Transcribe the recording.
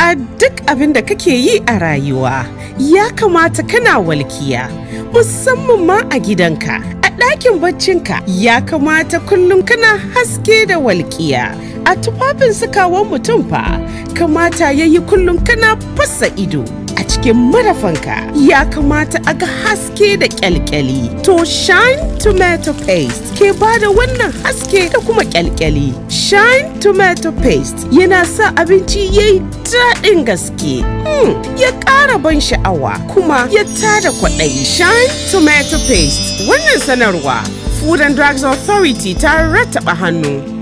a duk abin da kake yi a rayuwa ya kamata kana walkiya musamman ma a gidanka a ɗakin baccinka ya kamata kullum kana haske da walkiya a tufafin sukawan mutum fa kamata ya yi kullum kana fasa ido a cikin madafanka ya kamata a ga haske da kyalkyali to shine tomato paste ke ba da wannan haske da kuma kyalkyali shine tomato paste yana sa abinci ya yi daɗin gaske hmm, ya ƙara ban sha'awa kuma ya tada kwaɗayi shine tomato paste wannan sanarwa food and drugs authority ta rattaba hannu